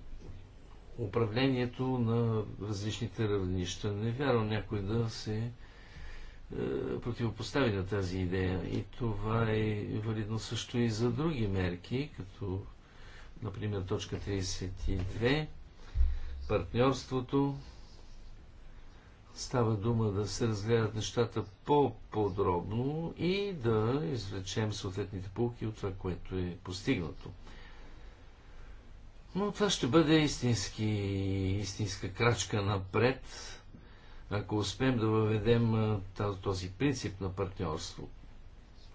управлението на различните равнища. Не вярвам някой да се е, противопостави на тази идея. И това е валидно също и за други мерки, като например точка 32, партньорството. Става дума да се разгледат нещата по-подробно и да извлечем съответните полки от това, което е постигнато. Но това ще бъде истински, истинска крачка напред, ако успеем да въведем този принцип на партньорство.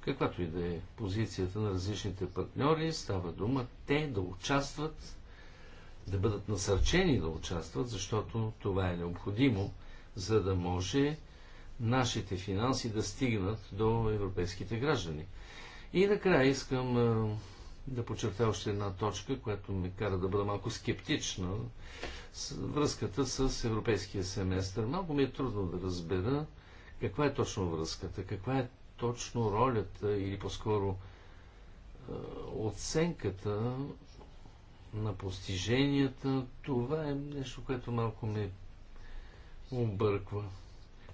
Каквато и да е позицията на различните партньори, става дума те да участват, да бъдат насърчени да участват, защото това е необходимо, за да може нашите финанси да стигнат до европейските граждани. И накрая искам да подчертая още една точка, която ме кара да бъда малко скептична. С връзката с европейския семестър. Малко ми е трудно да разбера каква е точно връзката, каква е точно ролята или по-скоро оценката на постиженията. Това е нещо, което малко ме обърква.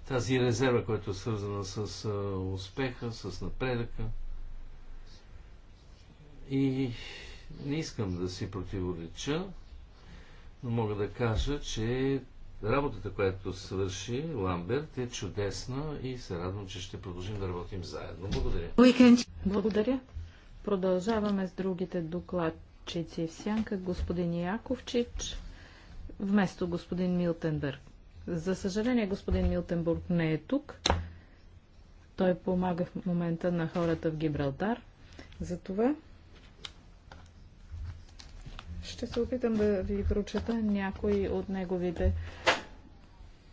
Тази резерва, която е свързана с успеха, с напредъка. И не искам да си противореча, но мога да кажа, че работата, която свърши Ламберт е чудесна и се радвам, че ще продължим да работим заедно. Благодаря. Благодаря. Продължаваме с другите докладчици в сянка. Господин Яковчич вместо господин Милтенберг. За съжаление, господин Милтенбург не е тук. Той помага в момента на хората в Гибралтар. Затова ще се опитам да ви прочета някои от неговите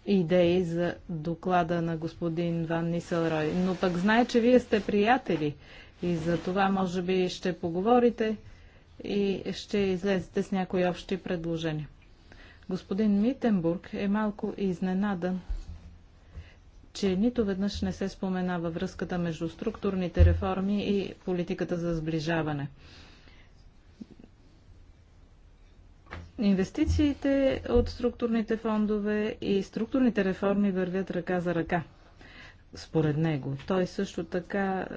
идеи за доклада на господин Ван Нисълрой. Но пък знае, че вие сте приятели и за това може би ще поговорите и ще излезете с някои общи предложения. Господин Митенбург е малко изненадан, че нито веднъж не се споменава връзката между структурните реформи и политиката за сближаване. Инвестициите от структурните фондове и структурните реформи вървят ръка за ръка според него. Той също така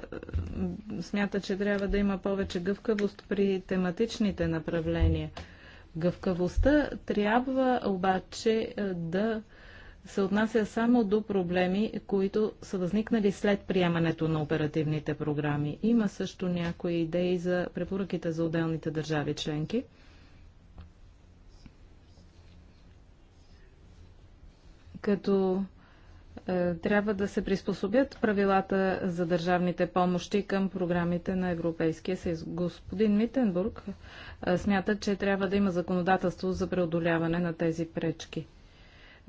смята, че трябва да има повече гъвкавост при тематичните направления. Гъвкавостта трябва обаче е, да се отнася само до проблеми, които са възникнали след приемането на оперативните програми. Има също някои идеи за препоръките за отделните държави членки. като е, трябва да се приспособят правилата за държавните помощи към програмите на Европейския съюз. Господин Митенбург е, смята, че трябва да има законодателство за преодоляване на тези пречки.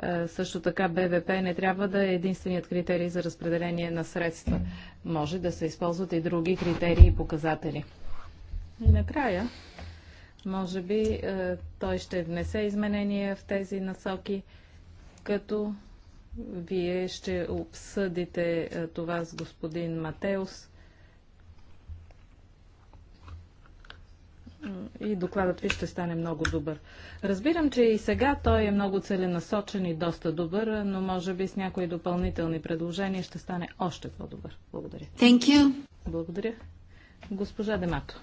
Е, също така БВП не трябва да е единственият критерий за разпределение на средства. Може да се използват и други критерии и показатели. И накрая, може би той ще внесе изменения в тези насоки като вие ще обсъдите е, това с господин Матеус. И докладът ви ще стане много добър. Разбирам, че и сега той е много целенасочен и доста добър, но може би с някои допълнителни предложения ще стане още по-добър. Благодаря. Thank you. Благодаря. Госпожа Демато.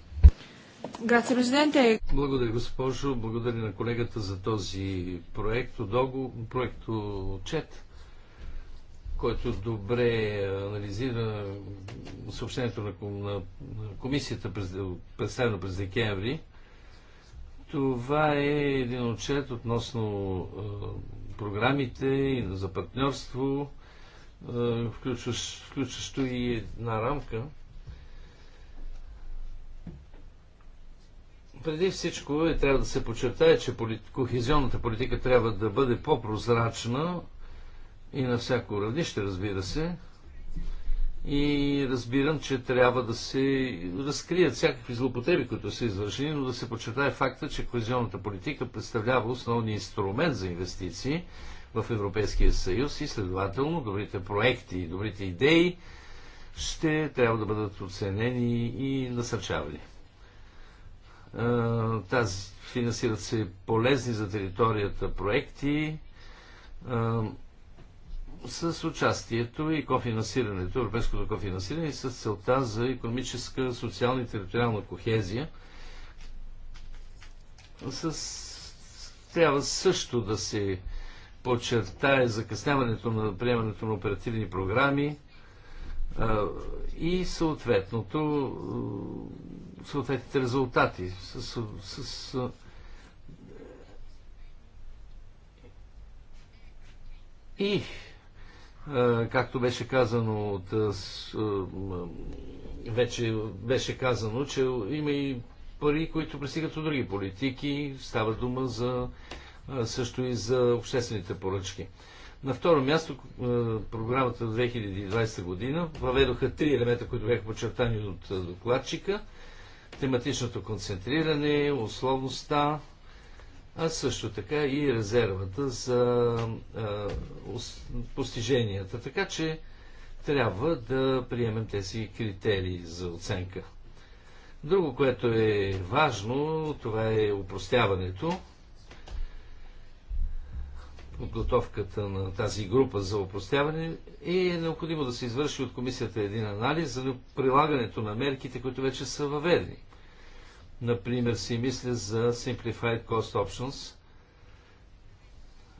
Грация, президенте. Благодаря, госпожо. Благодаря на колегата за този проект, договор, проект отчет, който добре е, анализира съобщението на, на комисията, през, представено през декември. Това е един отчет относно е, програмите за партньорство, е, включващо и една рамка – Преди всичко и трябва да се подчертае, че полит... кохезионната политика трябва да бъде по-прозрачна и на всяко равнище, разбира се. И разбирам, че трябва да се разкрият всякакви злопотреби, които са извършени, но да се подчертае факта, че кохезионната политика представлява основния инструмент за инвестиции в Европейския съюз и следователно добрите проекти и добрите идеи ще трябва да бъдат оценени и насърчавани. Тази, финансират се полезни за територията проекти с участието и кофинансирането, европейското кофинансиране и с целта за економическа, социална и териториална кохезия. С... Трябва също да се подчертае закъсняването на приемането на оперативни програми а, и съответното съответните резултати. С, с, с, и, както беше казано от, вече беше казано, че има и пари, които пресигат от други политики. Става дума за, също и за обществените поръчки. На второ място, програмата 2020 година въведоха три елемента, които бяха подчертани от докладчика – тематичното концентриране, условността, а също така и резервата за постиженията. Така че трябва да приемем тези критерии за оценка. Друго, което е важно, това е упростяването. Подготовката на тази група за упростяване е необходимо да се извърши от комисията един анализ за прилагането на мерките, които вече са въведени. Например, си мисля за Simplified Cost Options.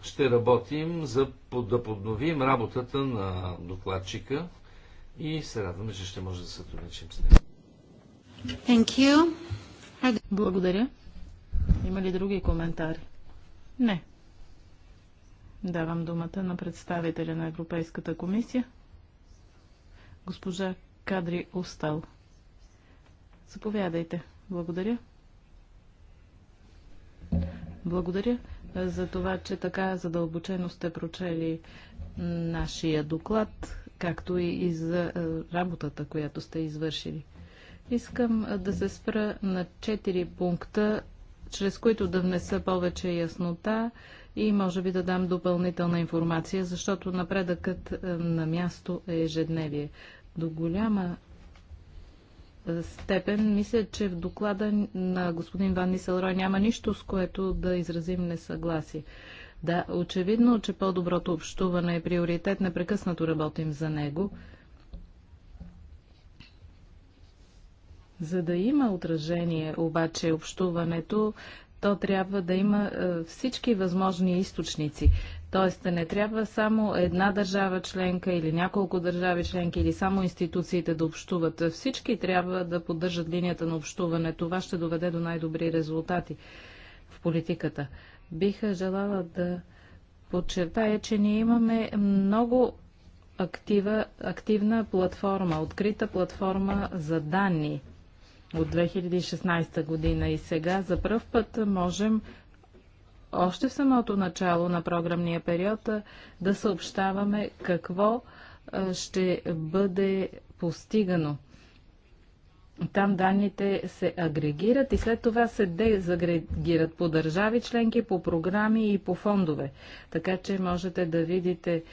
Ще работим за да подновим работата на докладчика и се радваме, че ще може да сътрудничим с него. Thank you. Благодаря. Има ли други коментари? Не. Давам думата на представителя на Европейската комисия, госпожа Кадри Остал, Заповядайте. Благодаря. Благодаря за това, че така задълбочено сте прочели нашия доклад, както и за работата, която сте извършили. Искам да се спра на четири пункта, чрез които да внеса повече яснота и може би да дам допълнителна информация, защото напредъкът на място е ежедневие. До голяма степен мисля, че в доклада на господин Ван Нисълрой няма нищо, с което да изразим несъгласие. Да, очевидно, че по-доброто общуване е приоритет, непрекъснато работим за него. За да има отражение обаче общуването, то трябва да има е, всички възможни източници. Тоест не трябва само една държава членка или няколко държави членки или само институциите да общуват. Всички трябва да поддържат линията на общуване. Това ще доведе до най-добри резултати в политиката. Бих желала да подчертая, че ние имаме много актива, активна платформа, открита платформа за данни от 2016 година и сега за първ път можем още в самото начало на програмния период да съобщаваме какво ще бъде постигано. Там данните се агрегират и след това се дезагрегират по държави членки, по програми и по фондове. Така че можете да видите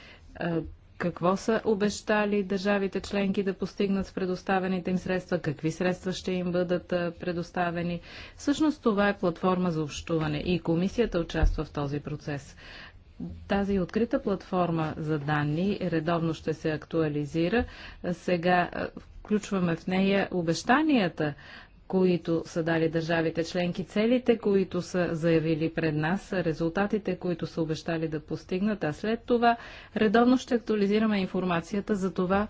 какво са обещали държавите членки да постигнат с предоставените им средства, какви средства ще им бъдат предоставени. Всъщност това е платформа за общуване и комисията участва в този процес. Тази открита платформа за данни редовно ще се актуализира. Сега включваме в нея обещанията които са дали държавите членки, целите, които са заявили пред нас, резултатите, които са обещали да постигнат, а след това редовно ще актуализираме информацията за това,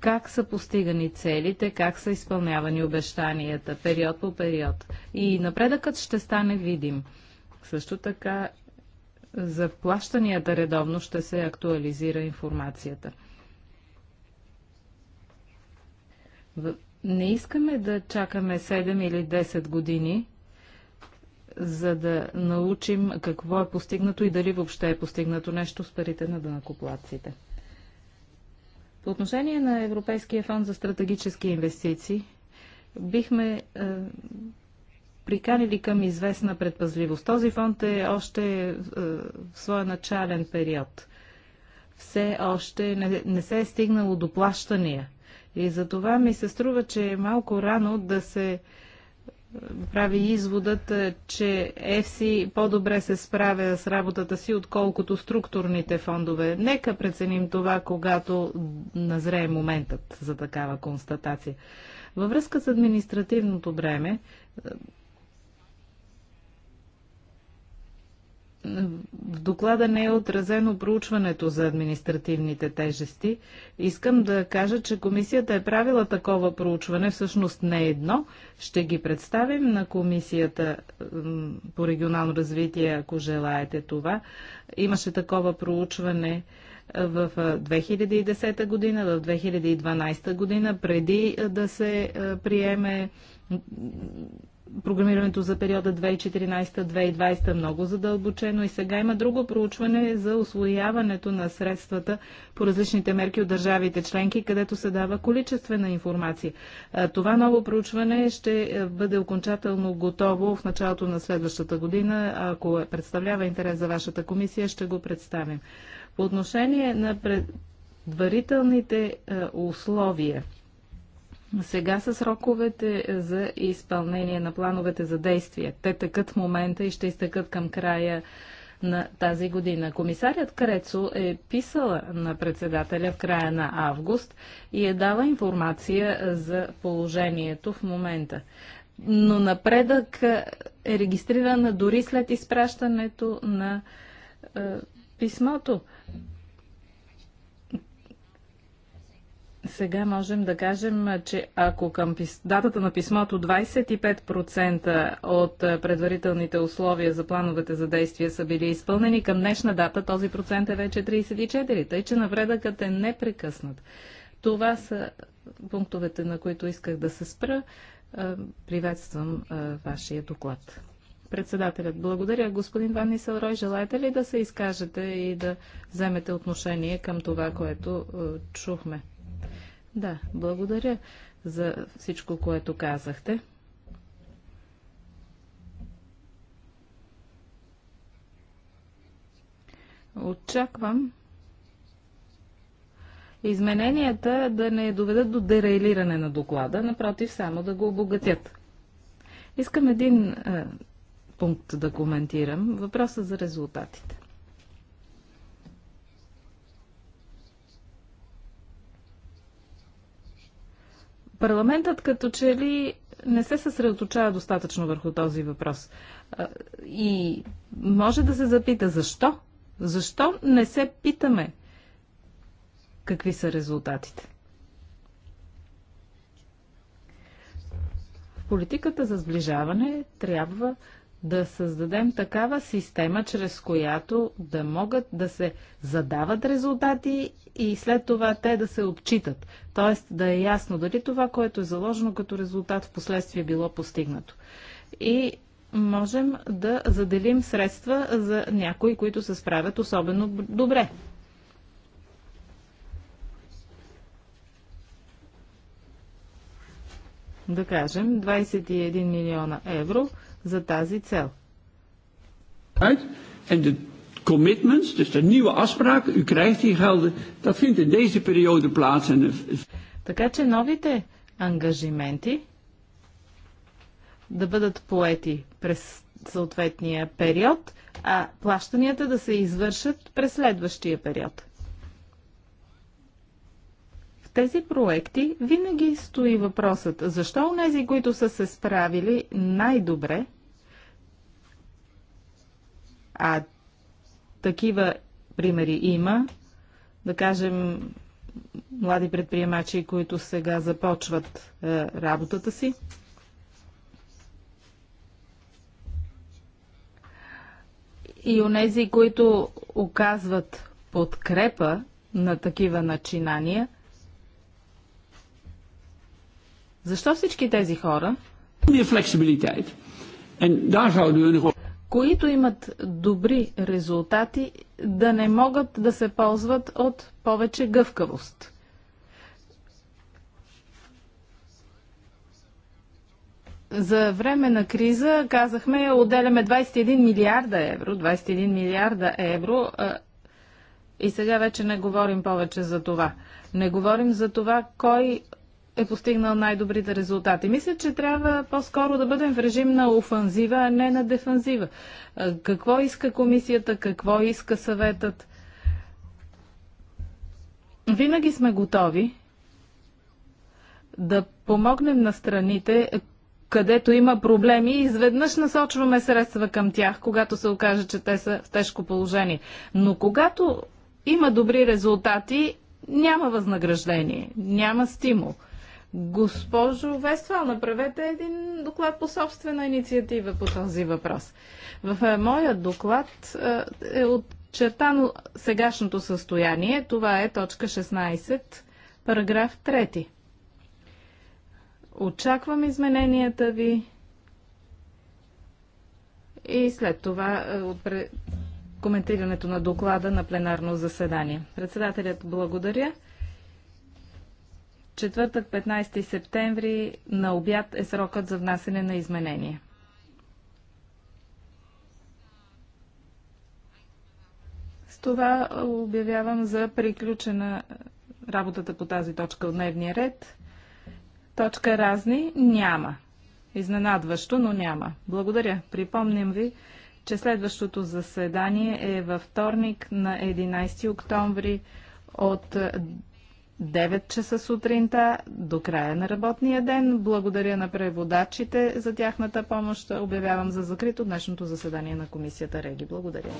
как са постигани целите, как са изпълнявани обещанията, период по период. И напредъкът ще стане видим. Също така за плащанията редовно ще се актуализира информацията. Не искаме да чакаме 7 или 10 години, за да научим какво е постигнато и дали въобще е постигнато нещо с парите на дънакоплаците. По отношение на Европейския фонд за стратегически инвестиции, бихме е, приканили към известна предпазливост. Този фонд е още е, в своя начален период. Все още не, не се е стигнало до плащания и за това ми се струва, че е малко рано да се прави изводът, е, че ЕФСИ по-добре се справя с работата си, отколкото структурните фондове. Нека преценим това, когато назрее моментът за такава констатация. Във връзка с административното време, е, доклада не е отразено проучването за административните тежести. Искам да кажа, че комисията е правила такова проучване, всъщност не едно. Ще ги представим на комисията по регионално развитие, ако желаете това. Имаше такова проучване в 2010 година, в 2012 година, преди да се приеме програмирането за периода 2014-2020 много задълбочено и сега има друго проучване за освояването на средствата по различните мерки от държавите членки, където се дава количествена информация. Това ново проучване ще е, бъде окончателно готово в началото на следващата година. Ако е, представлява интерес за вашата комисия, ще го представим. По отношение на предварителните е, условия, сега са сроковете за изпълнение на плановете за действие. Те тъкат в момента и ще изтъкат към края на тази година. Комисарят Крецо е писала на председателя в края на август и е дала информация за положението в момента. Но напредък е регистриран дори след изпращането на е, писмото. Сега можем да кажем, че ако към датата на писмото 25% от е, предварителните условия за плановете за действие са били изпълнени, към днешна дата този процент е вече 34%, тъй че навредъкът е непрекъснат. Това са пунктовете, на които исках да се спра. Е, приветствам е, вашия доклад. Председателят, благодаря. Господин Ван Нисълрой, желаете ли да се изкажете и да вземете отношение към това, което чухме? Да, благодаря за всичко, което казахте. Очаквам измененията да не доведат до дерайлиране на доклада, напротив, само да го обогатят. Искам един а, е, пункт да коментирам. Въпросът за резултатите. Парламентът като че ли не се съсредоточава достатъчно върху този въпрос. И може да се запита защо? Защо не се питаме какви са резултатите? В политиката за сближаване трябва да създадем такава система, чрез която да могат да се задават резултати и след това те да се отчитат. Тоест да е ясно дали това, което е заложено като резултат в последствие е било постигнато. И можем да заделим средства за някои, които се справят особено добре. Да кажем 21 милиона евро – за тази цел. En de commitments, dus de nieuwe afspraak, u krijgt die gelden, dat vindt in deze periode plaats. En... Eh, така че новите ангажименти да бъдат поети през съответния период, а плащанията да се извършат през следващия период тези проекти винаги стои въпросът, защо у нези, които са се справили най-добре, а такива примери има, да кажем, млади предприемачи, които сега започват е, работата си. И нези, които оказват подкрепа на такива начинания, Защо всички тези хора, които имат добри резултати, да не могат да се ползват от повече гъвкавост? За време на криза казахме, отделяме 21 милиарда евро. 21 милиарда евро. И сега вече не говорим повече за това. Не говорим за това кой е постигнал най-добрите резултати. Мисля, че трябва по-скоро да бъдем в режим на офанзива, а не на дефанзива. Какво иска комисията, какво иска съветът? Винаги сме готови да помогнем на страните, където има проблеми и изведнъж насочваме средства към тях, когато се окаже, че те са в тежко положение. Но когато има добри резултати, няма възнаграждение, няма стимул. Госпожо Вествал, направете един доклад по собствена инициатива по този въпрос. В е, моя доклад е, е отчертано сегашното състояние. Това е точка 16, параграф 3. Очаквам измененията ви и след това е, коментирането на доклада на пленарно заседание. Председателят благодаря. Четвъртък, 15 септември, на обяд е срокът за внасене на изменения. С това обявявам за приключена работата по тази точка от дневния ред. Точка разни няма. Изненадващо, но няма. Благодаря. Припомням ви, че следващото заседание е във вторник на 11 октомври от 9 часа сутринта до края на работния ден. Благодаря на преводачите за тяхната помощ. Обявявам за закрито днешното заседание на комисията Реги. Благодаря.